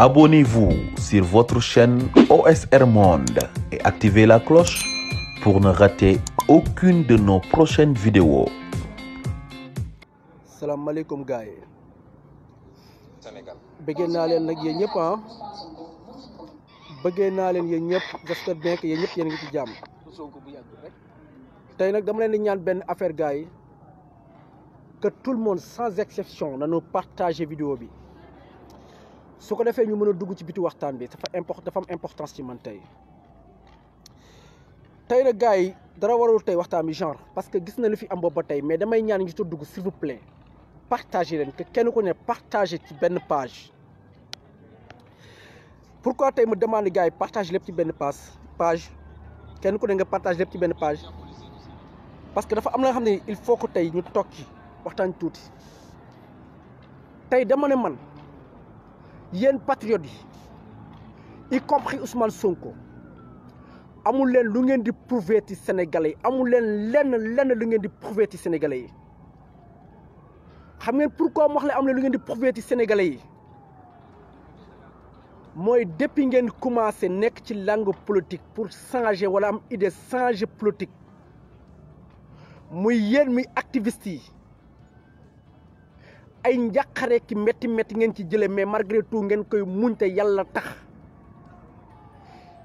Abonnez-vous sur votre chaîne OSR Monde et activez la cloche pour ne rater aucune de nos prochaines vidéos. salaamaaleykum gars bëggee naa leen nag yéen ñëpp ah bëggee naa leen yéen ñëpp j'espère bien que ñëpp yéen ngi ci jàmm. tey nag dama leen di ñaan benn affaire gars yi que tout le monde sans exception nañu partager vidéo bi. su ko defee ñu mën a dugg ci biti waxtaan bi dafa import am importance ci man tey tey nag gars yi dara warul tey waxtaan bi genre parce que gis na lu fi am boobu ba tey mais damay ñaan ñu ci dugg s'il vous plaît partagé leen que kenn ku ne partagé ci benn page. pourquoi tey mu demande gars yi partage lépp ci benn page page kenn ku ne nga partage lépp ci benn page parce que dafa am la nga xam ne il faut que tey ñu toog ci waxtaan tuuti tey dama man. yéen patriotes yi y compris Ousmane Sonko amul leen lu ngeen di prouver ci yi amul leen lenn lenn lu ngeen di prouver ci Sénégalais yi xam ngeen pourquoi mu wax la am leen lu ngeen di prouver ci yi mooy depuis ngeen commencé nekk ci langue politique pour changer wala am idée changer politique muy yéen mi activiste yi ay njàqare ki métti métti ngeen ci jële mais malgré tout ngeen koy muñ te yàlla tax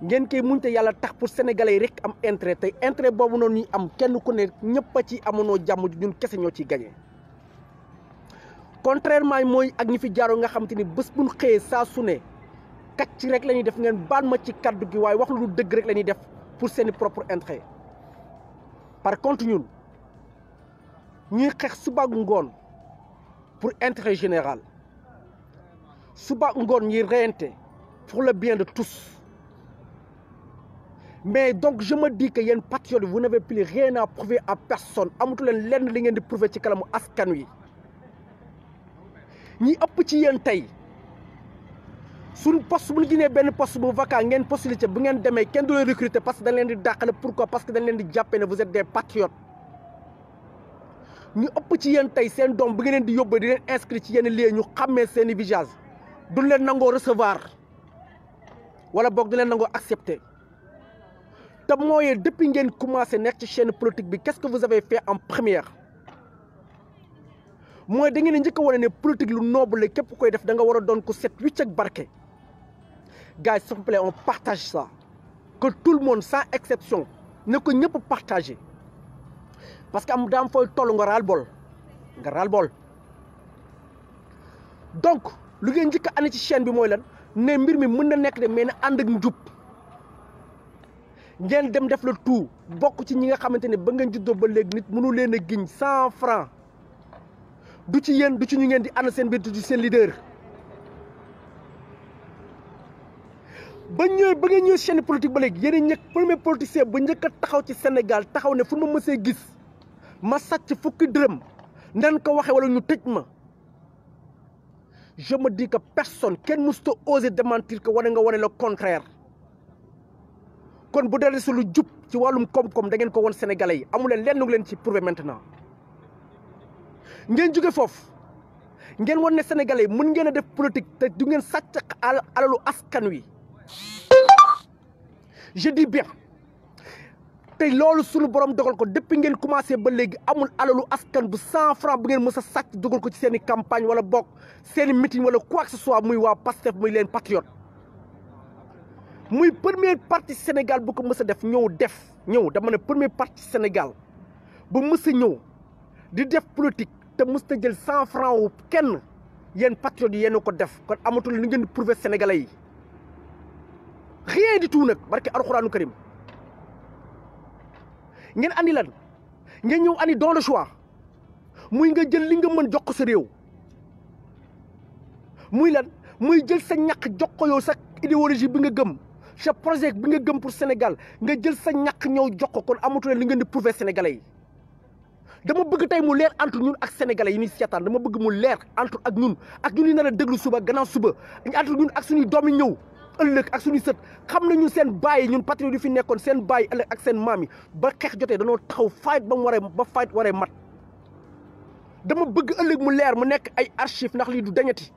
ngeen koy muñ yàlla tax pour sénégalais yi rek am intérêt tey intérêt boobu noonu ñuy am kenn ku ne ñëpp a ci amoonoo jàmm ñun kese ñoo ciy gañe contrairement mooy ak ñi fi jaaroo nga xam te ni bés buñ xëyee saa su ne kàcc rek la ñuy def ngeen baal ma ci kàddu gi waaye wax lu dëgg rek la ñuy def pour seeni propre intérêt par contre ñun ñuy xeex su ak ngoon pour intérêt général suba ngoon ñi reyante pour le bien de tous mais donc je me dis que yéen patriotes vous n'avez plus rien à prouver à personne leen lenn li ngeen di prouver ci kanamu askan wi ñi ëpp ci yéen tey suñ poste bu ñu ginee benn poste bu vacant ngeen postulé bu ngeen demee kenn du leen recruter parce que dañ di dàqale pourquoi parce que dañ leen di jàppee ne vous êtes des ñu ëpp ci yéen tey seen doom bu nga di yóbbee di leen inscrit ci yenn lieu ñu xàmmee seeni i visage duñ leen nangoo recevoir wala boog du leen nangoo accepter te mooy depuis ngeen commencé nekk ci chaîne politique bi qu'est-ce que vous avez fait en première mooy da ngeen njëkk wane ne politique lu noble képp koy def da nga war a doon ko set wicc ak barke gars yi s'il partage sa que tout le monde sans exception ne ko ñëpp partager parce que am daam fooy toll nga raal bool nga raal donc lu ngeen njëkk a andi ci chaîne bi mooy lan ne mbir mi mën na nekk de mais na ànd ak njub ngeen dem def la tout bokk ci ñi nga xamante ne ba ngeen juddoo ba léegi nit mënu leen a giñ cent franc du ci yéen du ci ñu ngeen di ànd seen biir du seen leader. ba ñëwee ba ngeen ñëw seen politique ba léegi yéen a ñëkk premier politicien ba njëkk a taxaw ci Sénégal taxaw ne fu ma mësee gis. ma sàcc fukki dërëm nan ko waxee wala ñu tëj ma jee me dis que personne kenn musta oser démentir que wane nga wane la contraire kon bu dee si lu jub ci wàllum koom-koom da ngeen ko wane sénégalais yi amuleen leen lenn leen ci prouver maintenant ngeen jóge foofu ngeen won ne sénégalais yi mën ngeen a def politique te du ngeen sàcc alalu askan wi je dis tey loolu sunu borom dogal ko depuis ngeen commencé ba léegi amul alalu askan bu cent franc bu ngeen mës a sàcc dugal ko ci seeni i campagne wala bokk seen i meeting wala quoi que ce soit muy waa Pastef muy leen patriote muy premier parti Sénégal bu ko mës a def ñëw def ñëw dama ne premier parti Sénégal bu mës a ñëw di def politique te mës a jël cent franc wu kenn yéen patriotes yi yéen ko def kon amatul li ngeen di prouver sénégalais yi rien du tout nag barke alxuraanu karim ngeen andi len ngeen ñëw andi don le choix muy nga jël li nga mën jox ko sa réew muy lan muy jël sa ñaq jox yoo yow sa idéologie bi nga gëm sa projet bi nga gëm pour Sénégal nga jël sa ñaq ñëw jox ko kon amatuleen li ngeen di prouver sénégalais yi dama bëgg tey mu leer entre ñun ak sénégalais yi ñuy seetaan dama bëgg mu leer entre ak ñun ak ñun ñu nar a déglu suba gannaaw suba entre ñun ak suñuy doomi ñëw. ëllëg ak suñu sët xam nañu seen bàyyi ñun patriote yu fi nekkoon seen bàyyi ëllëg ak seen maam yi ba xeex jotee danoo taxaw fayit ba mu waree ba fayit waree mat dama bëgg ëllëg mu leer mu nekk ay archive nax lii du dañati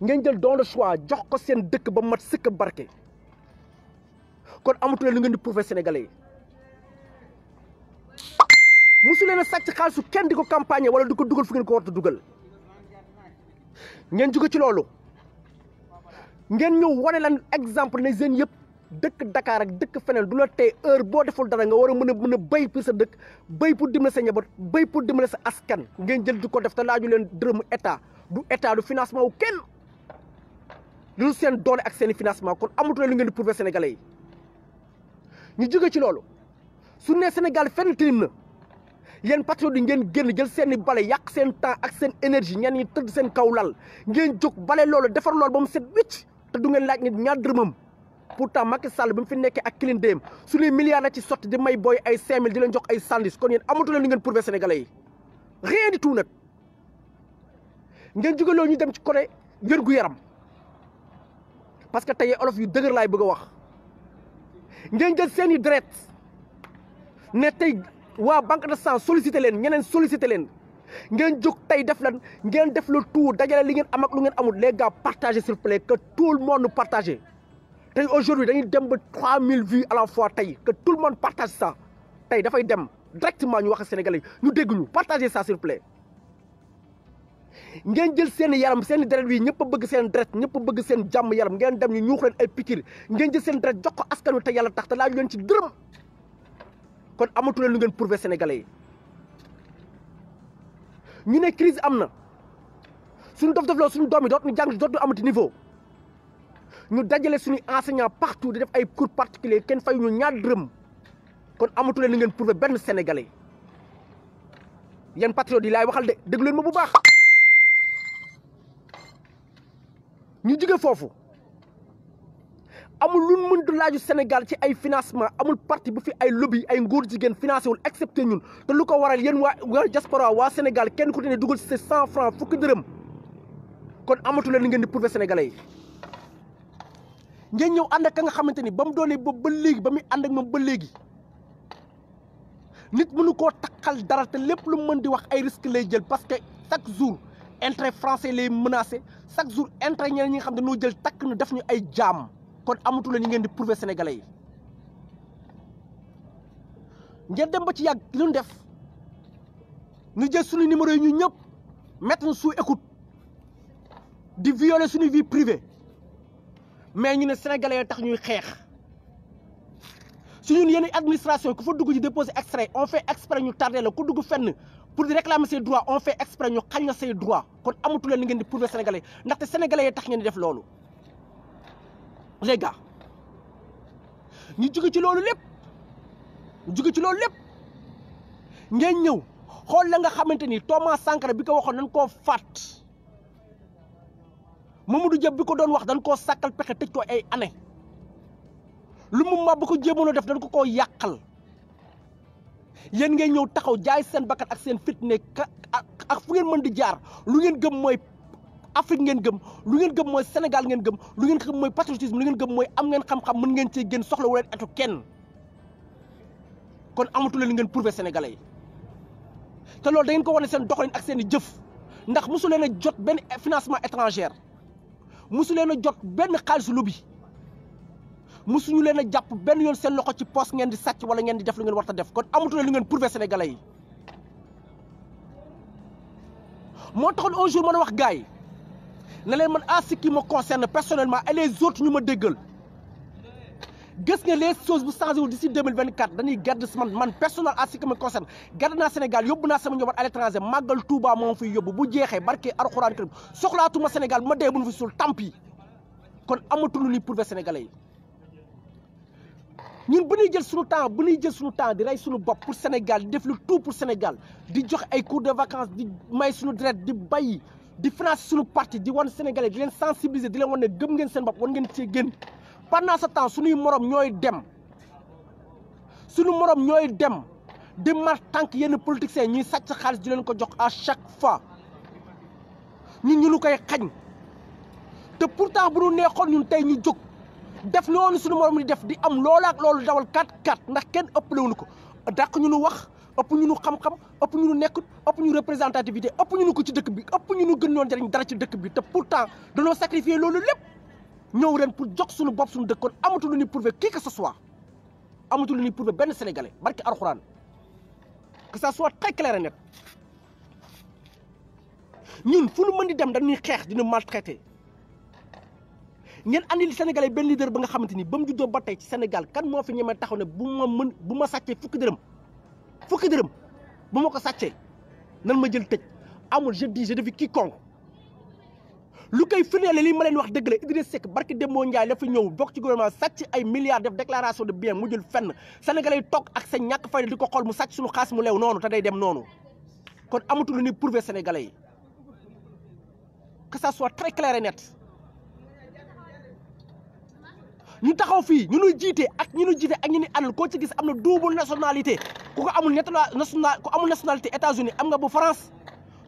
ngeen jël don de choix jox ko seen dëkk ba mat sëkk barke kon amatuleen lu ngeen di prouver sénégalais yi mosu leen a sàcc su kenn di ko campagne wala di ko dugal fu ngeen ko war a dugal ngeen ci loolu ngeen ñëw wane lan exemple ne jeunes yëpp dëkk dakaar ak dëkk feneen du la tey heure boo deful dara nga war a mën a mën a béy pour sa dëkk béy pour dimbale sa njaboot béy pour dimbale sa askan ngeen jël du ko def te laaju leen dërëmu état du état du financement wu kenn lu seen doole ak seen financement kon amatuleen lu ngeen di prouver sénégalais yi ñu jóge ci loolu su ne Sénégal fenn tilim na yéen patriotes yi ngeen génn jël seen i bale yàq seen temps ak seen énergie ñenn ñi tëdd seen kaw lal ngeen jóg bale loolu defar loolu ba mu set wécc te du ngeen laaj nit ñaar dërëmam pourtant Macky Sall bi mu fi nekkee ak Clean su suñuy milliards la ci sot di may booy ay 5000 di leen jox ay sandis kon yéen amatu leen lu ngeen prouver sénégalais yi rien du tout nag ngeen jugaloo ñu dem ci côté wér gu yaram parce que tey olof yu dëgër laay bëgg a wax ngeen jël seen i deret ne tey waa banque de sang sollicité leen ñeneen sollicité leen. ngeen jóg tey def leen ngeen def le tout dajale li ngeen am ak lu ngeen amul les gars partagez s'il vous plaît que tout le monde partagez tey aujourd'hui dañuy dem ba 3000 mille à la fois tey que tout le monde partage ça tey dafay dem directement ñu wax ak ñu dégg ñu partagez ça s'il ngeen jël seen yaram seen deret wi ñëpp bëgg seen deret ñëpp bëgg seen jàmm yaram ngeen dem ñu ñuux ay piqûre ngeen jël seen deret jox ko askan wi te yàlla tax te laaju leen ci dërëm kon amatu leen lu ngeen prouver sénégalais yi ñu ne crise am na suñu dof dofloo suñu doom yi dootuñu jàng dootuñu amati niveau ñu dajale suñu enseignant partout di def ay cours particulier kenn fayu ñu ñaar dërëm kon amatu leen ni ngeen prouver benn sénégalais yan patriotes di laay waxal de déglu leen ma bu baax ñu jóge foofu amul lu mën du laaju Sénégal ci ay financement amul parti bu fi ay lobby ay nguur jigéen financé wul excepté ñun te lu ko waral yéen waa waa diaspora waa Sénégal kenn ku ne dugal si cent franc fukki dërëm kon amatu leen ngeen di prouver sénégalais yi. ngeen ñëw ànd ak ka nga xamante ni ba mu doonee boobu ba léegi ba muy ànd moom ba léegi nit mënu koo takkal dara te lépp lu mën di wax ay risque lay jël parce que chaque jour intérêt français lay menacé chaque jour intérêt ñeneen nga xam ne dañoo jël takk ñu def ñu ay jaam. kon amatu leen yi ngeen di prouver sénégalais yi ngeen dem ba ci yàgg lu def ñu jël sunu numéro yi ñu ñëpp mettre ñu sous écoute di violer sunu vie privée mais ñu ne sénégalais yi tax ñuy xeex su ñun yenn administration ku fa dugg ci déposer extrait on fait exprès ñu tardé la ku dugg fenn pour di réclamer ses droits on fait exprès ñu xañ na say droits kon amatu leen li ngeen di prouver sénégalais ndaxte sénégalais yi tax ngeen di def loolu les gars ñu jóge ci loolu lépp ñu jóge ci loolu lépp ngeen ñëw xool la nga xamante ni Thomas Sankara bi ko waxoon dañ koo faat Mamadou Dia bi ko doon wax dañ koo sàkkal pexe tëj ko ay année lu mu ma bu ko jéemoon def dañ ko koo yàqal yéen ngeen ñëw taxaw jaay seen bakkat ak seen fitne ak fu ngeen mën di jaar lu ngeen gëm mooy Afrique ngeen gëm lu ngeen gëm mooy Sénégal ngeen gëm lu ngeen gëm mooy patriotisme lu ngeen gëm mooy am ngeen xam-xam mën ngeen cee génn soxla wu leen etu kenn kon amatu leen ngeen prouver Sénégalais yi te loolu da ko wane seen doxalin ak seen i jëf ndax mosu leen a jot benn financement étranger musu leen a jot benn xaalisu lobby mosuñu leen a jàpp benn yoon seen loxo ci poos ngeen di sàcc wala ngeen di def lu ngeen war ta def kon amatu leen lu ngeen prouver Sénégalais yi moo mën a wax gars yi ne leen man en ce qui me concerne personnellement et ñu ma déggal gis nga les choses bu changé wul d'ici 2024 dañuy garde man man personnel en ce ma me concerne garde naa Sénégal yóbbu naa sama njaboot à l'étranger màggal Touba moom fiy yóbbu bu jeexee barke Alxuraan Karim soxlaatuma Sénégal bu ma dee bu ñu fi suul tant pis kon amatul ni prouver Sénégalais yi. ñun bu ñuy jël suñu temps bu ñuy jël suñu temps di rey suñu bopp pour Sénégal def lu tout pour Sénégal di jox ay cours de vacances di may suñu deret di bay di financé suñu parti di wan sénégalais di leen sensibiliser di leen wan ne gëm ngeen seen bopp wan ngeen cee génn pendant ce temps suñuy moroom ñooy dem suñu morom ñooy dem di mar tànk yenn politiciens ñuy sàcc xaalis di leen ko jox à chaque fois ñun ñu lu koy xañ te pourtant bu ñu neexoon ñun tey ñu jóg def loolu suñu morom di def di am loolu ak loolu dawal 4-4 ndax kenn ëpp ëppalewuñu ko dàq ñu nu wax ëpp ñu nu xam-xam ëpp ñu nu nekkut ëpp ñu représentativité ëpp ñu nu ko ci dëkk bi ëpp ñu nu gën noon jëriñ dara ci dëkk bi te pourtant dañoo sacrifier loolu lépp ñëw ren pour jox suñu bopp suñu dëkk kon amatu lu ñuy prouver qui que ce soit amatu lu ñuy prouver benn sénégalais barki alxuraan que ça soit très clair net ñun fu nu mën di dem dañuy xeex dina maltraité ñeen andil sénégalais benn leader ba nga xamante ni ba mu juddoo ba tey ci Sénégal kan moo fi ñemee taxaw ne bu ma mën bu ma sàccee fukki dërëm. fukki dërëm bu ma ko sàccee nan ma jël tëj amul je dis fi défie quiconque lu koy firndeele lii ma leen wax dëgg la Idriss Seck barki Demba Ndiaye la fi ñëw bokk ci gouvernement sàcc ay milliards def déclaration de bien mu jël fenn Sénégalais yi toog ak sa ñàkk fayda di ko xool mu sàcc suñu xaas mu leew noonu te day dem noonu kon amatul lu ñuy pour Sénégalais yi que ça soit très clair net. ñu taxaw fii ñu nuy jiite ak ñu nuy jiite ak ñu ni àndal koo ci gis am na double nationalité ku ko amul ñett national ku amul nationalité États-Unis am nga bu France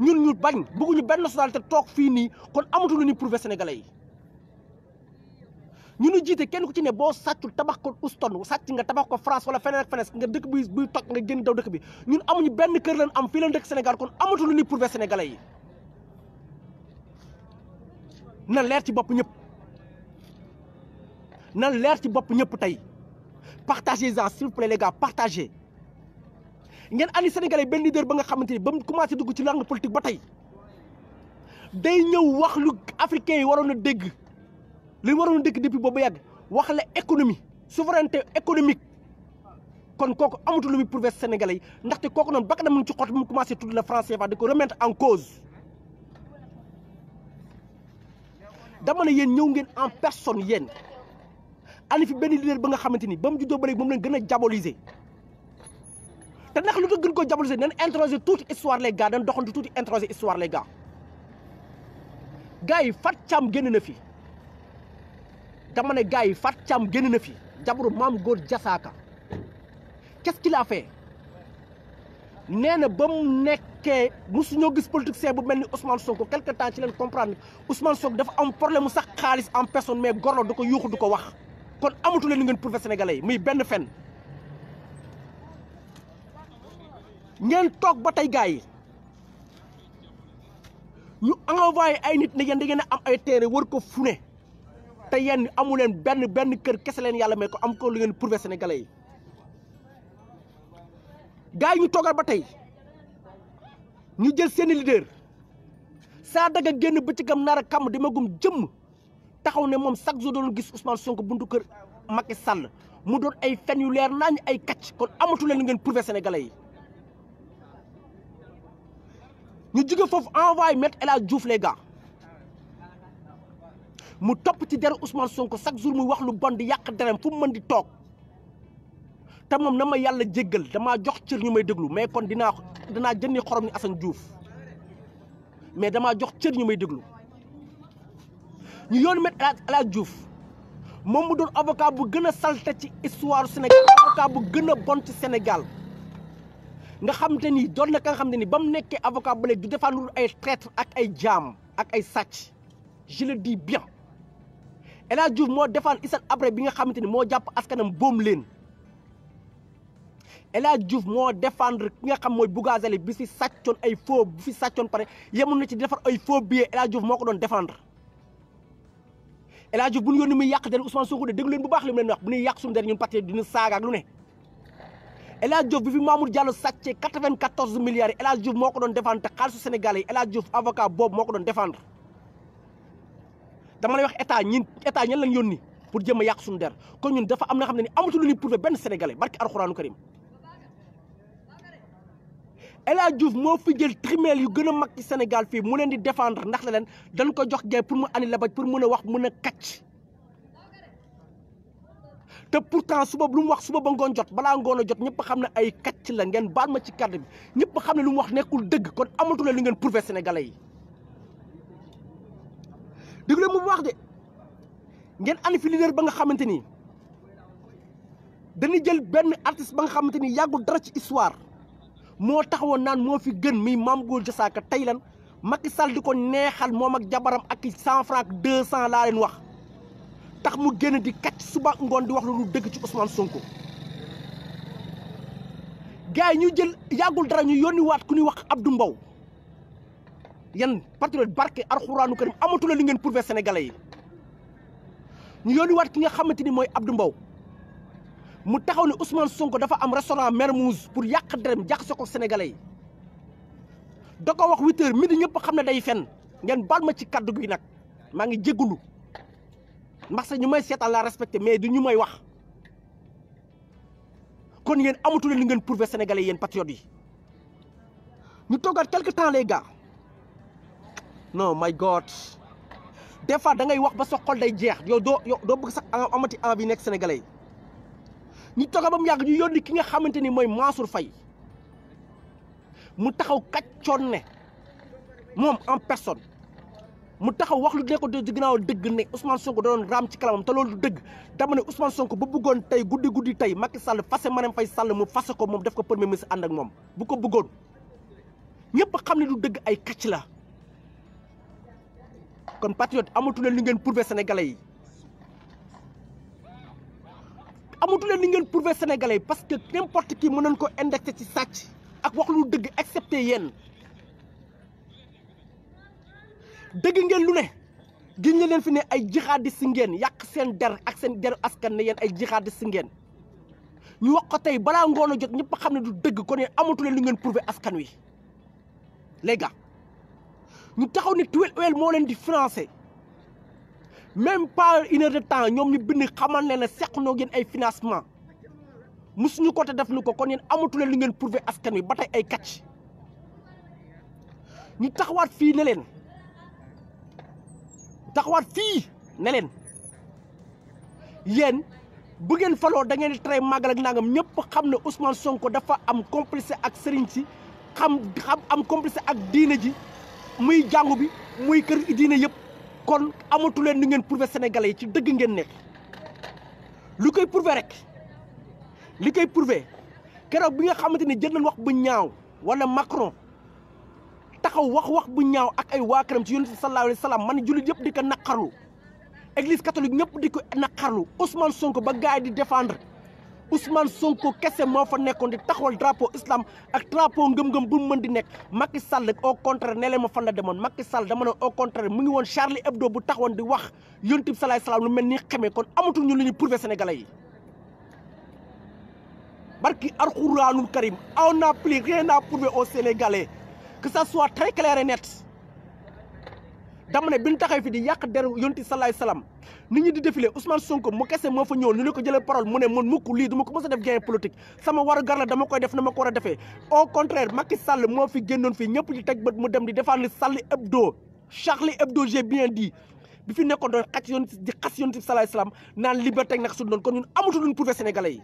ñun ñu bañ bëgguñu benn nationalité toog fii nii kon amatu lu ñuy prouver sénégalais yi. ñu nu jiite kenn ku ci ne boo sàccul tabax ko Houston sàcc nga tabax ko France wala feneen ak nga dëkk buy buy toj nga génn ñun amuñu benn kër lañ am fii lañ dëkk Sénégal kon amatu ni ñuy prouver sénégalais leer ci bopp ñëpp. nan leer ci bopp ñëpp tey partagez ça s'il vous plaît les ngeen andi sénégalais benn leader ba nga xamante ni ba mu commencé dugg ci langue politique ba tey day ñëw wax lu africain yi waroon a dégg li waroon a dégg depuis boobu yàgg wax la économie souveraineté économique kon kooku amatul lu muy prouver sénégalais yi ndaxte kooku noonu bakk na mu ci xott mu commencé tudd la français fa di ko en cause dama ne yéen ñëw ngeen en personne yéen ana fi benn leader ba nga xamante ni ba mu juddoo ba léegi moom lañ gën a diaboliser te ndax lu tax gën koo diaboliser nañ introduire tuuti histoire les gars dañ doxantu tuuti introduire histoire les gars yi Fat Thiam génn na fi dama ne gars yi Fat Thiam génn na fi jabaru maam góor jasaaka kes ce qu'il fait nee na ba mu nekkee mosuñoo gis politicien bu mel ni Ousmane Sonko quelque temps ci leen comprendre Ousmane Sonko dafa am problème mu sax xaalis en personne mais gor la du ko yuuxu du ko wax kon amatu leen ngeen prouvé sénégalais yi muy benn fen ngeen toog ba tey gars yi ñu ay nit ne yéen da ngeen a am ay terre wër ko te yéen amu leen benn benn kër kese leen yàlla may ko am ko lu ngeen prouvé sénégalais yi gars ñu toogal ba tey ñu jël seeni leader saa daga génn bëccëgam nar a kàmm dama gum jëmm taxaw ne moom chaque jour doon gis Ousmane Sonko buntu kër Macky Sall mu doon ay fen yu leer nañu ay kacc kon amatu leen ngeen prouver sénégalais yi. ñu jóge foofu envoyé maître El Hadj Diouf les gars mu topp ci deru Ousmane Sonko chaque jour muy wax lu bon di yàq derem fu mu mën di toog te moom na ma yàlla jéggal damaa jox cër ñu may déglu mais kon dinaa dinaa jëndi xorom ni Assane Diouf mais damaa jox cër ñu may déglu. ñu yoon met El Hadj moom mu doon avocat bu gën a salte ci histoire Sénégal avocat bu gën a bon ci Sénégal nga xam te ni doon na ka nga xam te ni ba mu nekkee avocat ba léegi du défendre ay traitre ak ay jaam ak ay sacc je le dis bien El moo défendre Hissène Habré bi nga xamante ni moo jàpp askanam boom leen El Hadj Diouf moo défendre ki nga xam mooy Bougazelli bi si sàccoon ay faux bu fi sàccoon pare yemoon na ci defar ay faux billets El moo ko doon défendre El Hadj bul yoon ni muy yàq der Ousmane Sonko de déglu leen bu baax li mu leen wax bu ñuy yàq suñu der ñun parti dina saaga ak lu ne El Hadj Diouf bi fi Mamour Diallo sàccee 94 milliards yi moo ko doon défendre te xaalisu Sénégal yi El Hadj Diouf avocat boobu moo ko doon défendre dama lay wax état ñin état ñan lañ yónni pour jëm a yàq der kon ñun dafa am na xam ne ni amatu lu ñuy prouvé benn sénégalais barki alxuraanu karim El Hadj moo fi jël trimel yu gën a mag ci Sénégal fii mu leen di défendre ndax la leen dañ ko jox gay pour mu ani la pour mën a wax mën a kacc te pourtant suba lu mu wax suba ba ngoon jot balaa ngoon a jot ñëpp xam ne ay kacc la ngeen baal ma ci kàddu bi ñëpp xam ne lu mu wax nekkul dëgg kon amatu leen lu ngeen prouvé Sénégalais yi déglu mu wax de ngeen ani fi leader ba nga xamante ni dañuy jël benn artiste ba nga xamante ni yàggul dara ci histoire moo taxawoon naan moo fi gën muy Mame Gor Diazaka tey lan Macky Sall di ko neexal moom ak jabaram ak cent franc deux cent laa leen wax tax mu génn di kàcc suba ngoon di wax lu dëgg ci Ousmane Sonko. gars yi ñu jël yàggul dara ñu yónni waat ku nuy wax ab Abdou Mbow yan patriote barke alxuraanu karim amatula li ngeen prouvé sénégalais yi ñu yónni waat ki nga xamante ni mooy Abdou Mbow mu taxaw ne Ousmane Sonko dafa am restaurant Mermoz pour yàq derem yàq sa ko Sénégalais yi da ko wax huit heures midi ñëpp xam ne day fen ngeen baal ma ci kaddu gi nag maa ngi jégalu ndax sa ñu may seetaan laa respecté mais du ñu may wax kon yéen amatul li ngeen prouver Sénégalais yéen patriotes yi ñu toogaat quelque temps les gars non my God des fois da wax ba sa day jeex yow doo yow doo bëgg sax amati envie nekk Sénégalais yi. ñu toog ba mu yàgg ñu yónni ki nga xamante ni mooy Mansour fay mu taxaw kàccoon ne moom en personne mu taxaw wax lu nekkoon ci ginnaaw dëgg ne Ousmane Sonko da doon raam ci kalamam te loolu du dëgg dama ne Ousmane Sonko ba bëggoon tey guddi guddi tey Macky Sall fase Marème Faye Sall mu fase ko moom def ko premier ministre ànd ak moom bu ko bëggoon ñëpp xam ne du dëgg ay kàcc la kon patriote amatu leen li ngeen prouvé sénégalais yi. amatuleen leen ngeen prouver sénégalais yi parce que n'importe kii mën nañ ko indexé ci sàcc ak wax lu dëgg excepté yéen dëgg ngeen lu ne giñ ne leen fi ne ay si ngeen yàq seen der ak seen deru askan ne yéen ay si ngeen ñu wax ko tey balaa ngoon a jot ñëpp xam ne du dëgg ko ne amatuleen leen li ngeen prouver askan wi les ñu taxaw ni tuwel owel moo leen di financé même pas une heure ñoom ñu bind xamal ne ne seq noo ngeen ay financement musuñu côté def nu ko kon yéen amatule lu ngeen prouver askan wi ba tey ay kàcc ñu taxawaat fii ne leen taxawaat fii ne leen yéen bu ngeen faloo da ngeen di traité màggal ak nangam ñëpp xam ne Ousmane Sonko dafa am complice ak sëriñ si xam xam am complice ak diine ji muy jàngu bi muy kër diine yëpp. kon amatu leen ni ngeen prouver sénégalais yi ci dëgg ngeen nekk lu koy prouver rek li koy prouver keroog bi nga xamante ni jël wax bu ñaaw wala Macron taxaw wax wax bu ñaaw ak ay waakaram ci yonent bi sallallahu alayhi wa sallam man jullit yëpp di ko naqarlu église catholique ñëpp di ko naqarlu Ousmane Sonko ba gars di défendre. Ousmane Sonko kese moo fa nekkoon di taxawal drapeau islam ak drapeau ngëm-ngëm bu mu mën di nekk Macky Sall au contraire ne ma fan la demoon Macky Sall dama ne au mu ngi woon Charlie Hebdo bu taxawoon di wax yonent bi salaay salaam lu mel ni xamee kon amatul ñu lu ñu prouver sénégalais yi. barki Alxuraanul Karim on n'a plus rien à prouver aux Sénégalais que ça soit très clair et net. dama ne bi ñu taxee fi di yàq der yonti salaay salaam nit ñi di défilé Ousmane Sonko mu kese moo fa ñëw ni ñu ko jëlee parole mu ne man mukk lii du ma ko mës a def gain politique sama war a gar la dama koy def na ma ko war a defee au contraire Macky Sall moo fi génnoon fii ñëpp di teg bët mu dem di défendre Charlie Hebdo doo Hebdo j'ai bien dit bi fi nekkoon doon xas yoon di xas yoon si salaay salaam naan liberté nag su doon kon ñun amatu luñ prouvé sénégalais yi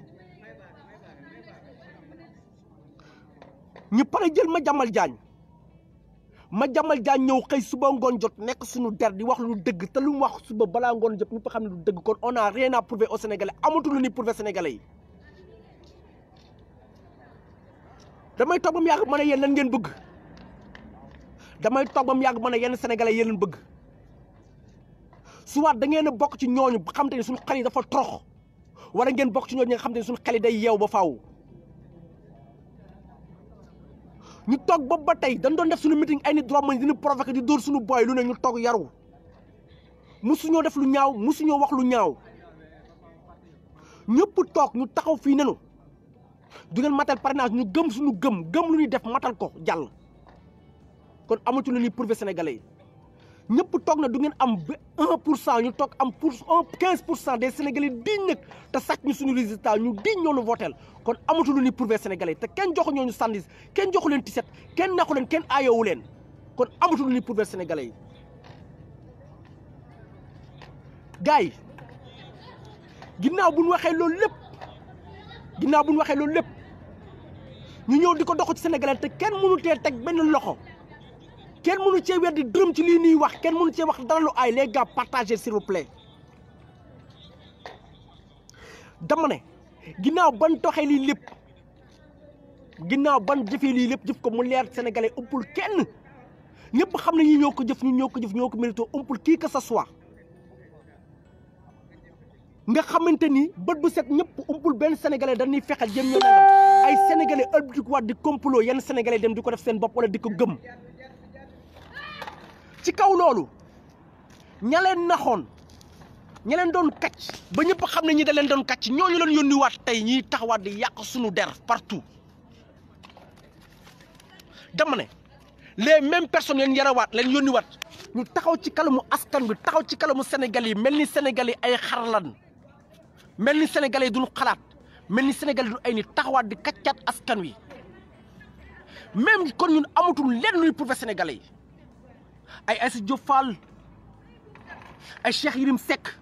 ñu pare jël ma jàmmal jaañ ma jamal jaan ñëw xëy suba ngoon jot nekk suñu der di wax lu dëgg te lu mu wax suba balaa ngoon jot ñëpp xam ne lu dëgg kon on a rien à prouver aux sénégalais amatul lu ni prouver sénégalais damay toog ba mu yàgg ma ne yéen ngeen bëgg damay toog ba mu ma ne yenn sénégalais yéen lan bëgg soit da ngeen a bokk ci ñooñu xam te ne suñu xel yi dafa torox wala ngeen bokk ci ñooñu nga xam ne suñu xel day yeew ba faw ñu toog ba ba tey dañ doon def suñu meeting ay nit romb dina provoqué di dóor suñu boy lu ne ñu toog yaru musuñoo def lu ñaaw musuñoo wax lu ñaaw ñëpp toog ñu taxaw fii nenu du ngeen matal parrainage ñu gëm suñu gëm gëm lu ñuy def matal ko jàll kon amatu lu ñuy prouver sénégalais ñëpp toog na du ngeen am ba un pour cent ñu toog am pour quinze pour cent des sénégalais diñ nag te sàcc ñu suñu résultat ñu diñ ñoo nu voteel kon amatu lu ñuy prouver sénégalais te kenn joxu ñooñu sandis kenn joxu leen set kenn naxu kenn aayowu leen kon amatu lu ñuy prouver sénégalais yi gars yi ginnaaw bu ñu waxee loolu lépp ginnaaw bu waxee loolu lépp ñu ñëw di ko dox ci sénégalais te kenn mënu tee teg benn loxo kenn mënu cee weddi dërëm ci lii nuy wax kenn mënu cee wax dara lu aay les gars partagez s'il dama ne ginnaaw ban toxee lii lépp ginnaaw ban jëfee lii lépp jëf ko mu leer sénégalais ëppul kenn ñëpp xam ne ñi ñëw ko jëf ñu ñëw ko jëf ñoo ko mérito ëppul kii que ce soit nga xamante ni bët bu set ñëpp umpul benn sénégalais dañuy fexel jëm ñoo nangam ay sénégalais ëlbitikuwaat di complot yenn sénégalais dem di ko def seen bopp wala di ko gëm ci kaw loolu ña leen naxoon ña leen doon kacc ba ñëpp xam ne ñi da leen doon kacc ñooñu leen yónniwaat tey ñiy taxawaat di yàq suñu der partout dama ne les mêmes personnes leen yarawaat leen yónniwaat ñu taxaw ci kalamu askan wi taxaw ci kalamu senegal yi mel ni Sénégal yi ay xarlan mel ni Sénégal yi duñu xalaat mel ni senegal yi duñu ay nit taxawaat di kaccaat askan wi même kon ñun amatul lenn luy prouver Sénégalais yi ay Aïssa Diop Fall ay Cheikh Yérim sekk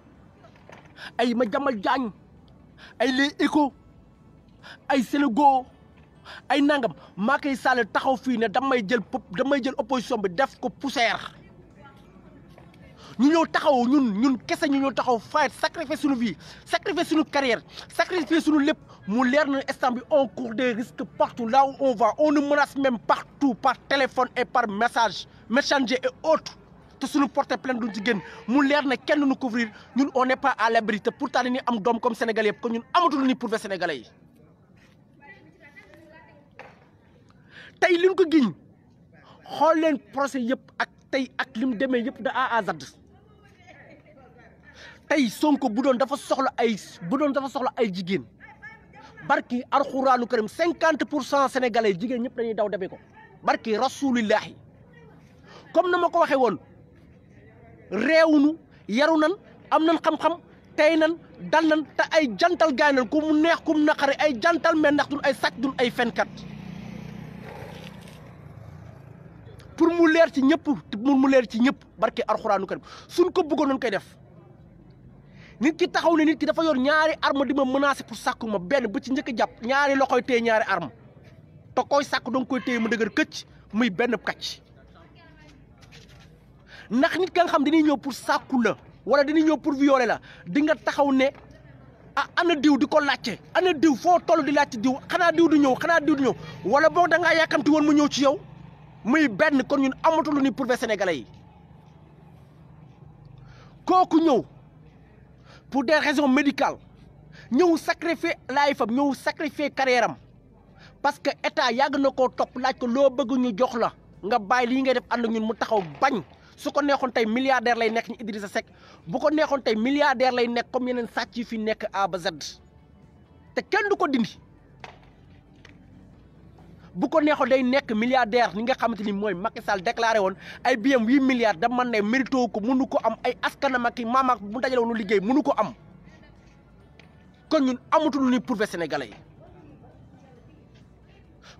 ay Madiambal Diagne ay Les Échos ay Sénégo ay nangam Macky Sall taxaw fii ne damay jël damay jël opposition bi def ko poussière ñu ñëw taxaw ñun ñun kese ñu ñëw taxaw fayet sacrifier suñu vie sacrifier suñu carrière sacrifier sunu lépp mu leer na instant bi on court des risques partout là où on va on nous menace même partout par téléphone et par message messenger et autres te suñu porté plainte duñ ci génn mu leer na kenn nu couvrir ñun on n'est pas à l'abri te pourtant ni am doom comme sénégalais yëpp kon ñun amatul ni pourvait sénégalais yi tey liñ ko giñ xool leen procès yëpp ak tey ak li mu demee yëpp da A à Z tey Sonko bu doon dafa soxla ay bu doon dafa soxla ay jigéen barki alxuraanu karim cinquante pour cent sénégalais jigéen ñëpp dañuy daw dabi ko barki rasulillahi comme na ma ko waxee woon réewunu yaru nan am nan xam-xam tey nan dal nan te ay jantal gaay nan ku mu neex ku mu naqare ay jantal men ndax dun ay sàcc dun ay fenkat pour mu leer ci ñëpp pour mu leer ci ñëpp barki alxuraanu karim suñ ko bëggoon noonu koy def nit ki taxaw ne nit ki dafa yor ñaari arma di ma menacer pour sàkku ma benn ba ci njëkk jàpp ñaari loxoy téye ñaari arme te koy sàkk dong koy téye mu dëgër këcc muy benn kàcc ndax nit kan xam dañuy ñëw pour sàkku la wala dañuy ñëw pour violer la di nga taxaw ne ah ana diw di ko laajte ana diw foo toll di laajte diw xanaa diw di ñëw xanaa diw du ñëw wala boog da ngaa yàkkamti woon mu ñëw ci yow muy benn kon ñun amatu lu ni prouver sénégalais yi kooku ñëw. pour des raisons médicales ñëw sacrifier laay fam ñëw sacrifier carrière am parce que état yàgg na koo topp laaj ko loo bëgg ñu jox la nga bàyyi lii ngay def ànd ñun mu taxaw bañ su ko neexoon tey milliardaire lay nekk ñu Idrissa Seck bu ko neexoon tey milliardaire lay nekk comme yeneen sàcc yi fi nekk A ba te kenn du ko dindi. bu ko neexoon day nekk milliardaire ni nga xamante ni mooy Macky Sall déclaré woon ay biyam huit milliards da man ne mérité ko mënu ko am ay askanam ak i maam mu bu dajale woon liggéey mënu ko am kon ñun amatul ni pour Sénégalais yi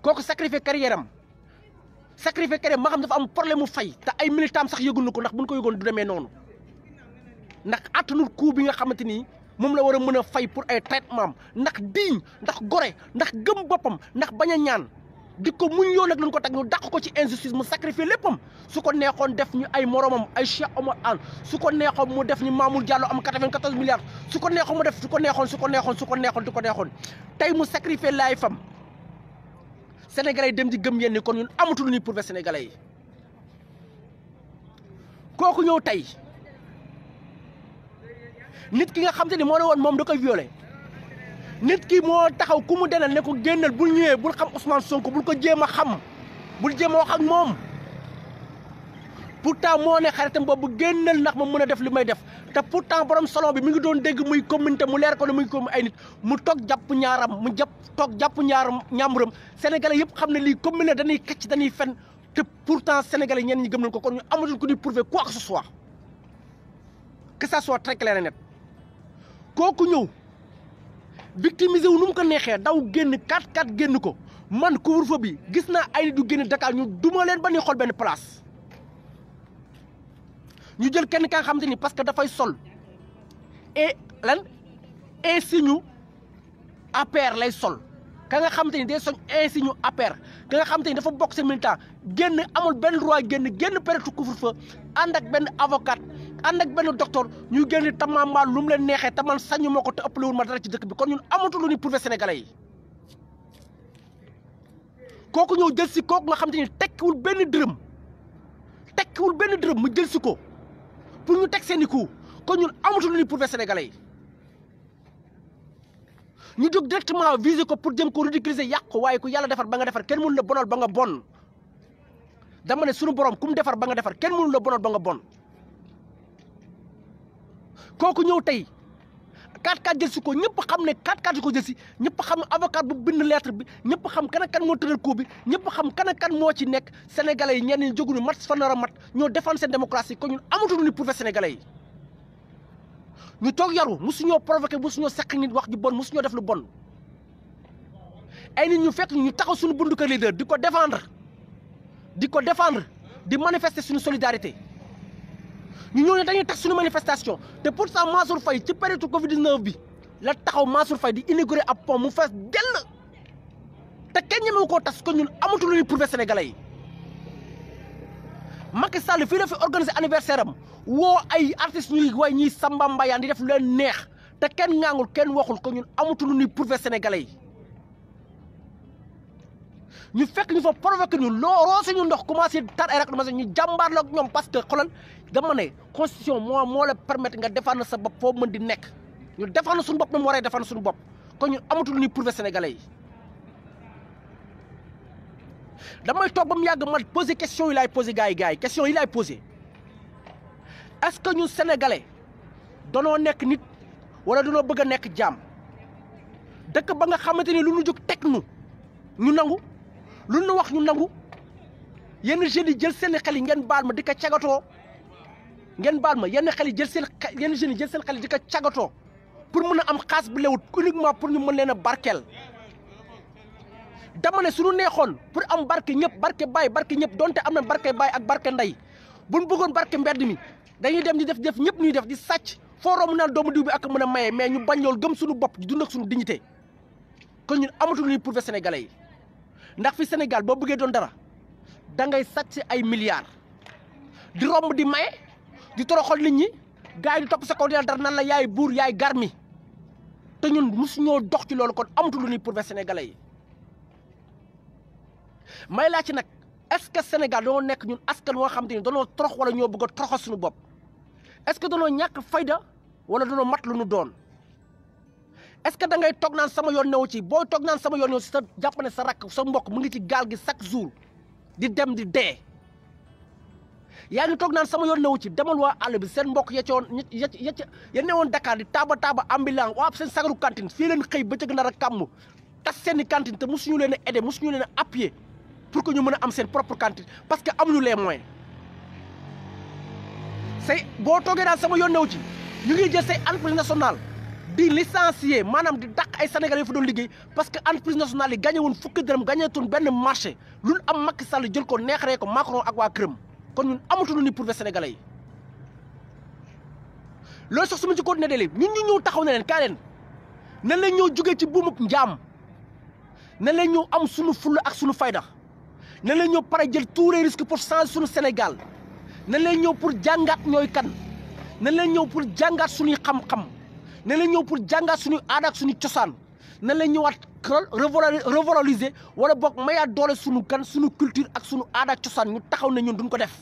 kooku sacrifier carrière am sacrifier carrière xam dafa am problème mu fay te ay militant sax yëgul na ko ndax buñ ko yëgoon du demee noonu ndax attanul coût bi nga xamante ni moom la war a mën a fay pour ay traitement am ndax diiñ ndax gore ndax gëm boppam ndax bañ a ñaan di ko muñ yoon nag lañ ko teg ñu dàq ko ci injustice mu sacrifié léppam su ko neexoon def ñu ay moromam ay Cheikh Omar Anne su ko neexoon mu def ñu Mamour Diallo am 94 milliards su ko neexoon mu def su ko neexoon su ko neexoon su ko neexoon di ko neexoon tey mu sacrifié laay fam sénégalais dem di gëm yéen ni kon ñun amatul ñu prouver sénégalais kooku ñëw tey nit ki nga xam te ni moo ne woon moom da koy violé nit kii moo taxaw ku mu denal ne ko génnal bul ñëwee bul xam Ousmane Sonko bul ko jéem a xam bul jéem a ak moom pourtant moo ne xare xaritam boobu génnal ndax ma mun a def li may def te pourtant borom salon bi mi ngi doon dégg muy communauté mu leer ko ne muy comme ay nit mu toog jàpp ñaaram mu jàpp toog jàpp ñaaram ñaamuram sénégalais yëpp xam ne lii commune dañuy kacc dañuy fen te pourtant sénégalais ñeen ñi gëm nañ ko kon ñu amatul ku ñuy prouver quoi que ce soit que ça soit très clair kooku ñëw. victimiser wu nu mu ko neexee daw génn kat kat génn ko man couvre-feu bi gis naa ay nit du génn Dakar ñu duma leen ba ñuy xool benn place ñu jël kenn ka nga xamante ni parce que dafay sol et lan insigne APR lay sol ka nga xamante ni day soñ insigne APR ka nga xamante ni dafa bokk seen militant génn amul benn droit génn génn période couvre-feu ànd ak benn avocat ànd ak benn docteur ñuy génn tamamba lu mu leen neexee te man sañu moo ko ëpp ëppalewul ma dara ci dëkk bi kon ñun amatu lu ñuy prouver sénégalais yi kooku ñëw jël si kooku nga xam te ni tekkiwul benn dërëm tekkiwul benn dërëm mu jël si ko pour ñu teg seen i kon ñun amatu lu pour prouver sénégalais yi ñu jóg directement viser ko pour jëm ko ridiculiser yàq ko waaye ku yàlla defar ba nga defar kenn mënu la bonal ba nga bon dama ne sunu borom ku mu defar ba nga defar kenn mënu la bonal ba nga bon kooku ñëw tey 4-4 jël si ko ñëpp xam ne 4-4 ko jël si ñëpp xam avocat bu bind lettre bi ñëpp xam kan kan moo tëral ko bi ñëpp xam kan ak kan moo ci nekk sénégalais yi ñenn ñi jóguñu mat fa nar a mat ñoo défendre seen démocratie ko ñu amatuñu ni pour sénégalais yi. ñu toog yaru mu su mosuñoo provoqué mosuñoo seq nit wax ju bon mosuñoo def lu bon ay nit ñu fekk ñu taxaw suñu bundu kër leader di ko défendre di ko défendre di manifester suñu solidarité. ñu ñëw ne dañuy tax suñu manifestation te pour ça Mansour Faye ci période Covid 19 bi la taxaw Mansour Faye di inauguré ab pont mu fees dell te kenn ñemewu koo tas ko ñun amatu lu ñuy prouver sénégalais yi Macky Sall fii la fi organisé anniversaire am woo ay artistes ñuy way ñuy samba mbayaan di def lu leen neex te kenn ŋaangul kenn waxul ko ñun amatu nii ñuy prouver sénégalais yi. ñu fekk ñu fa provoqué ñu looloo si ñu ndox commencé tar ay rek ñu jàmbaarloo ak ñoom parce que xoolal dama ne constitution moo moo la permettre nga défendre sa bopp foo mën di nekk ñu défendre suñu bopp na mu waree défendre suñu bopp kon ñun amatul lu ñuy prouver sénégalais yi. toog ba mu yàgg man poser question yi laay poser gars yi gars yi question yi laay poser est-ce que ñun nekk nit wala danoo bëgg a nekk jaam dëkk ba nga xamante ni lu ñu jóg teg nu ñu nangu. lu nu wax ñu nangu yenn jeunes yi jël seen xel yi ngeen baal ma di ko cagatoo ngeen baal ma yenn xel yi jël seen yenn jeunes jël seen xel yi di ko cagatoo pour mën am xaas bu lewut uniquement pour ñu mën leen a barkeel dama sunu neexoon pour am barke ñëpp barke baay barke ñëpp donte am na barke baay ak barke ndey buñ bëggoon barke mbedd mi dañuy dem di def def ñëpp ñuy def di sàcc foo mu doomu diw bi ak mën a maye mais ñu bañ loolu gëm suñu bopp di dund ak suñu dignité kon ñun amatul ñuy prouver sénégalais ndax fi Sénégal boo bëggee doon dara da ngay si ay milliards di romb di maye di toroxal nit ñi gars yi di topp sa kaw dina dara nan la yaay buur yaay garmi te ñun mosuñoo dox ci loolu kon amatu lu ni pour Sénégalais yi may laa ci nag est-ce que Sénégal dañoo nekk ñun askan woo xam te ni dañoo torox wala ñoo bëgg a toroxal suñu bopp est-ce dañoo ñàkk fayda wala dañoo mat lu nu doon. est-ce que da toog naan sama yoon newu ci boo toog naan sama yoon newu ci sa jàpp ne sa rakk sa mbokk mu ngi ci gaal gi chaque jour di dem di dee yaa ngi toog naan sama yoon newu ci demal waa àll bi seen mbokk ya ca woon ya ya ca ya ne woon Dakar di taaba taaba ambulant waa seen sagaru cantine fii leen xëy bëccëg nar a kàmm tas seen i cantine te mosuñu leen a aider mosuñu leen a appuyer pour que ñu mën am seen propre cantine parce que amuñu les moyens say boo toogee naan sama yoon newu ci ñu ngi jël say di licencier maanaam di dàq ay sénégalais yu fa doon liggéey parce que entreprise nationale yi gagné wuñ fukki dërëm gagné tuun benn marché luñ am Macky Sall jël ko neexaree ko Macron ak waa këram kon ñun amatuñu ni pour sénégalais yi. loolu sax su ma ci continué de ñun ñu ñëw taxaw na leen kaa leen nan la ñëw jógee ci buumub njaam nan la ñëw am suñu fulla ak suñu fayda na la ñëw pare jël tous les risques pour changer suñu Sénégal nan la ñëw pour jàngaat ñooy kan nan la ñëw pour jàngaat suñuy xam ne la ñëw pour jàngaat suñu aada ak suñu cosaan nan la ñëwaat revaloriser wala bokk mayaat doole suñu kan suñu culture ak suñu aada ak cosaan ñu taxaw ne ñun ko def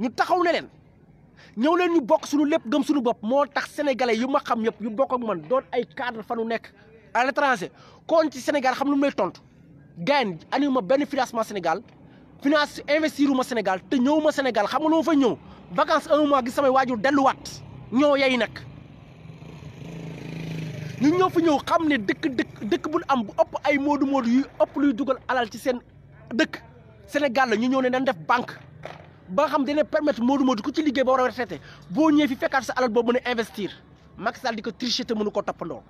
ñu taxaw ne leen ñëw leen ñu bokk sunu lépp gëm suñu bopp moo tax sénégalais yu ma xam yëpp yu bokk ak man doon ay cadre fa nekk à l'étranger kon ci Sénégal xam lu mu lay tontu gayen ani ma benn financement Sénégal finance investir ma Sénégal te ñëw ma Sénégal xam nga lu ma fa ñëw vacances un mois waajur delluwaat ñoo yey nag ñun ñoo fi ñëw xam ne dëkk dëkk dëkk bu am bu ëpp ay moodu-moodu yu ëpp luy dugal alal ci seen dëkk Sénégal la ñu ñëw ne dañ def banque ba xam dana permettre moodu-moodu ku ci liggéey ba war a retraité boo ñëwee fi fekkaat sa alal boobu mën a investir Macky Sall di ko tricher mënu ko toppandoo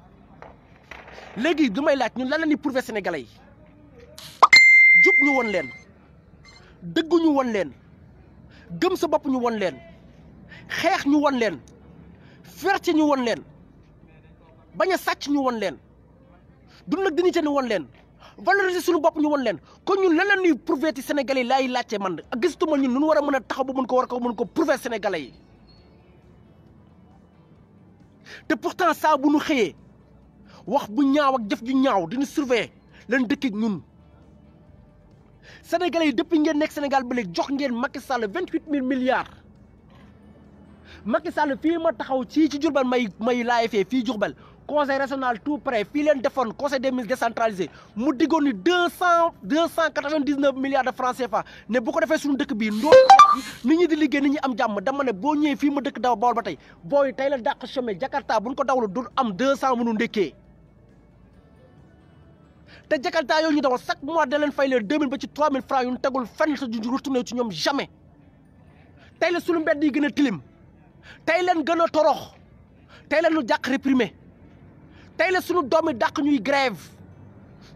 léegi du may laaj ñun lan la ñuy prouver Sénégalais yi jub ñu won leen dëggu ñu won leen gëm sa bopp ñu won leen xeex ñu won leen fierté ñu won leen. bañ a sàcc ñu won leen dund ak dignité ñu won leen valoriser suñu bopp ñu won leen kon ñun lan la ñuy prouver ci Sénégalais yi laay laajte man a ak gisatuma ñun nu war a mën a taxaw ba mën ko war ko mën ko prouver Sénégalais yi te pourtant saa bu ñu xëyee wax bu ñaaw ak jëf ju ñaaw diñu surveiller lan dëkk ak ñun Sénégalais yi depuis ngeen nekk Sénégal ba léegi jox ngeen Macky Sall vingt huit mille milliards Macky Sall fii ma taxaw ci ci Diourbel may may laay fii fii Diourbel conseil régional tout près fii leen defoon conseil des ministres décentralisé mu diggoon ni deux cent deux cent quatre vingt dix neuf milliards de francs CFA ne bu ko defee suñu dëkk bii ndoo nit ñi di liggéey nit ñi am jàmm dama ne boo ñëwee fii ma dëkk daw Bawol ba tey booy tey la dàq chemin Jakarta buñ ko dawlu du am deux cent mënu ndékkee te Jakarta yooyu ñu dawal chaque mois da leen fay leen deux mille ba ci trois mille francs yu ñu tegul fenn sa juju retourné ci ñoom jamais tey la suñu mbedd yi gën a tilim tey leen gën a torox tey leen lu jàq réprimé tey la sunu doom yi dàq ñuy grève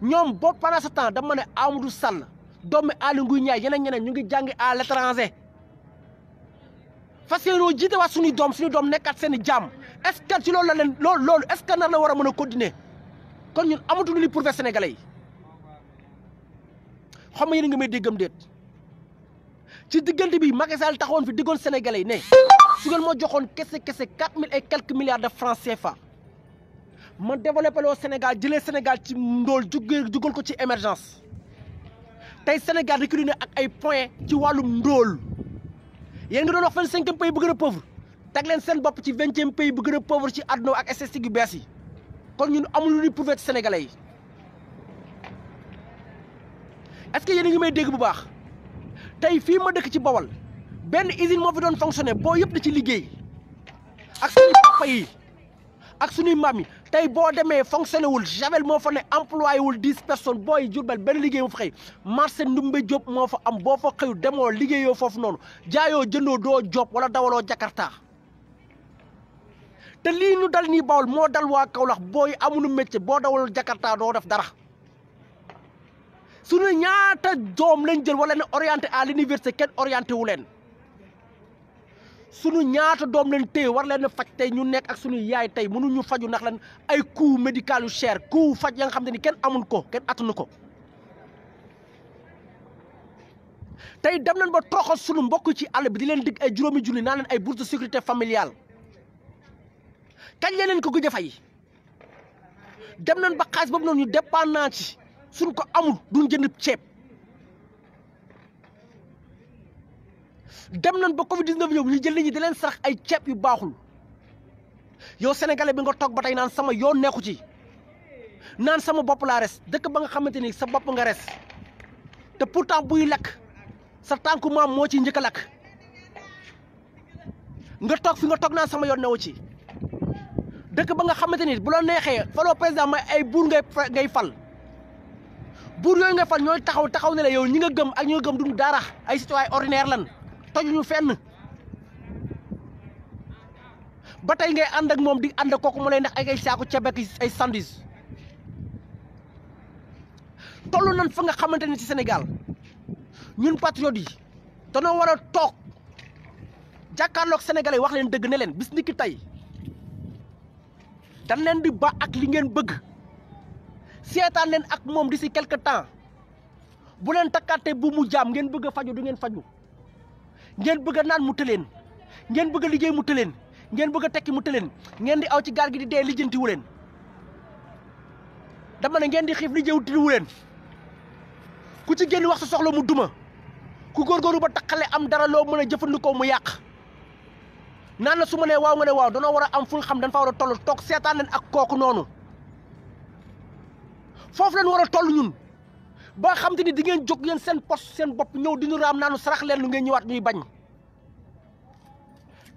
ñoom boo pendant ce temps dama ne Amadou Sall doomi Aly Ngouille Ndiaye yeneen ñeneen ñu ngi jàngi à l'étranger fas yéenoo jiite waa suñuy doom suñuy doom nekkaat seen i jàmm est-ce loolu la leen loolu loolu est-ce na war a mën a continuer kon ñun amatuñu li prouver Sénégalais yi xam nga yéen a ngi may déggam déet ci diggante bi Macky Sall taxawoon fi diggoon Sénégalais yi ne su ngeen moo joxoon kese kese quatre mille mil quelques milliards de francs CFA. ma développé loo Sénégal jëlee Sénégal ci ndóol jugee jugal ko ci émergence tey Sénégal reculé ak ay points ci wàllum ndóol yéen ngi doon wax fan cinquième pays bu gën a pauvre teg leen seen bopp ci vingtième pays bu gën a pauvre ci àdduna ak st yu bees yi kon ñu ni amul lu ñuy prouvé ci sénégalais yi est-ce que ngi may dégg bu baax tey fii ma dëkk ci Bawol benn usine moo fi doon fonctionné boo yëpp da ci liggéey ak suñuy papa yi ak sunuy mbaam yi tey boo demee fonctionné wul Javel moo fa ne employé wul dix personnes booy Jurbel benn liggéey mu fa xëy marché Ndumbe Diop moo fa am boo fa xëyu demoo liggéeyoo foofu noonu jaayoo jëndoo doo job wala dawaloo Jakarta te lii ñu dal nii Bawol moo dal waa Kaolack booy amuñu métier boo dawaloo Jakarta doo def dara su ne ñaata doom lañ jël wala ne orienté à l'université kenn orienté wu leen sunu ñaata doom lañ téye war leen faj tey ñu nekk ak sunu yaay tey mënuñu faju ndax lan ay coût médical yu cher coût faj ya nga xam ne ni kenn amul ko kenn attanu ko tey dem nañ ba troxal sunu mbokk ci àll bi di leen dig ay juróomi junni naa leen ay bourse de sécurité familiale kañ leen ko gëj a fay dem nañ ba xaalis boobu noonu ñu dépendant ci suñ ko amul duñ jënd ceeb dem nañ ba Covid 19 ñëw ñu jël nit ñi di leen sarax ay ceeb yu baaxul yow sénégalais bi nga toog ba tey naan sama yoon nekku ci naan sama bopp laa res dëkk ba nga xamante ni sa bopp nga res te pourtant buy lakk sa tànku maam moo ci njëkk a lakk nga toog fi nga toog naan sama yoon newu ci dëkk ba nga xamante ni bu la neexee faloo président may ay buur ngay ngay fal. buur yooyu nga fal ñooy taxaw taxaw ne la yow ñi nga gëm ak ñi nga gëm duñu dara ay citoyen ordinaire lan toj ñu fenn ba tey ngay ànd ak moom di ànd kooku mu lay ndax ak ay saako ceeb ay sandwich toll nan fa nga xamante ni ci Sénégal ñun patriotes yi dañoo war a toog jàkkaarloog sénégalais wax leen dëgg ne leen bis ni tey dañ leen di ba ak li ngeen bëgg seetaan leen ak moom di d'ici quelque temps bu leen takkaate bu mu jaam ngeen bëgg a faju du ngeen faju ngeen bëgg a naan mu tëleen ngeen bëgg a liggéey mu tëleen ngeen bëgg a tekki mu tëleen ngeen di aw ci gaal gi di dee lijjantiwu leen dama ne ngeen di xiif lijjantiwu leen ku ci génn wax sa soxla mu duma ku góorgóoru ba taqale am dara loo mën a jëfandikoo mu yàq naan na su ma nee waaw nga ne waaw danoo war a am fu xam dañ fa war a toll toog seetaan leen ak kooku noonu foofu leen war a toll ñun. ba xam te ni di ngeen jóg yéen seen poste seen bopp ñëw di ñu raam naanu sarax leen lu ngeen ñëwaat ñuy bañ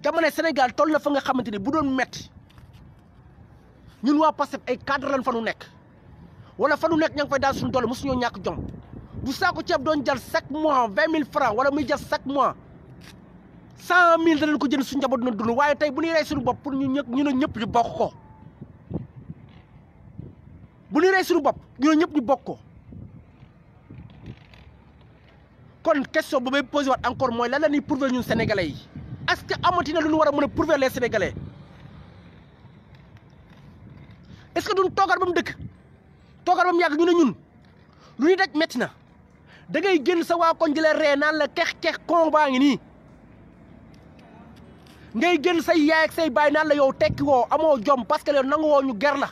jamono Sénégal toll na fa nga xamante ni bu doon metti ñun waa Pastef ay cadre lan fa nu nekk wala fa nu nekk ña ngi fay daal suñu doole mosuñoo ñàkk jom bu saako ceeb doon jal chaque mois vingt mille francs wala muy jal chaque mois cent mille danañ ko jënd suñu njaboot na dund waaye tey bu ñuy rey suñu bopp pour ñu ñëpp ñu ne ñëpp ñu bokk ko bu ñuy rey suñu bopp ñu ne ñëpp ñu bokk ko kon question bu may posé waat encore mooy lan la ñuy prouver ñun sénégalais yi est que amati na lu ñu war a mën a prouver les sénégalais est-ce que duñ ba mu dëkk toogaat ba mu yàgg ñu ne ñun lu ñuy daj métti na da ngay génn sa waa koñ di la ree naan la kex kex combat ngi nii ngay génn say yaay ak say baay naan la yow tekki woo amoo jom parce que yow nangu woo ñu ger la.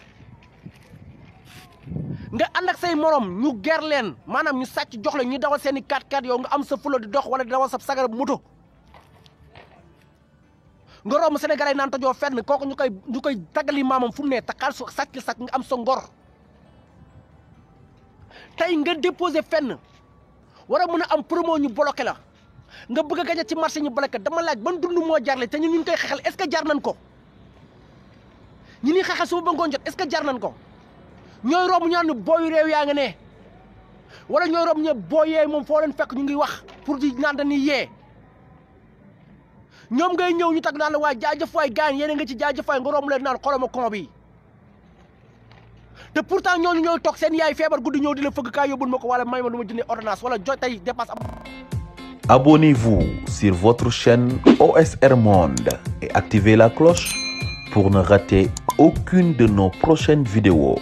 nga ànd ak say morom ñu ger leen maanaam ñu sàcc jox la ñu dawal seen i 4 x yow nga am sa fula di dox wala di dawal sa sagara moto nga romb Sénégalais naan tojoo fenn kooku ñu koy ñu koy taggali maamam fu mu ne taxaar su sàcc sàcc nga am sa ngor tey nga déposé fenn war a mën a am promo ñu bloqué la nga bëgg a gañe ci marché ñu bloqué dama laaj ban dund moo jarle te ñun ñu koy xeexal est-ce que jar nañ ko ñu ni xeexal suba ba ngoon jot est-ce que jar nañ ko ñooy romb ñu réew yaa nga ne wala ñooy romb ñu booy moom foo leen fekk ñu ngi wax pour di naan dañuy ñoom ngay ñëw ñu tag naan la waaye jaajëf waay gaañ yéen nga ci jaajëf waay nga romb leen naan xoloma kon bi te pourtant ñooñu ñooy toog seen yaay feebar guddi ñëw di la fëgg kaa yóbbul ma ko wala may ma du ma jëndee ordonnance wala jot tey dépasse am. vous sur votre chaîne OSR Monde et activez la cloche pour ne rater aucune de nos prochaines vidéos.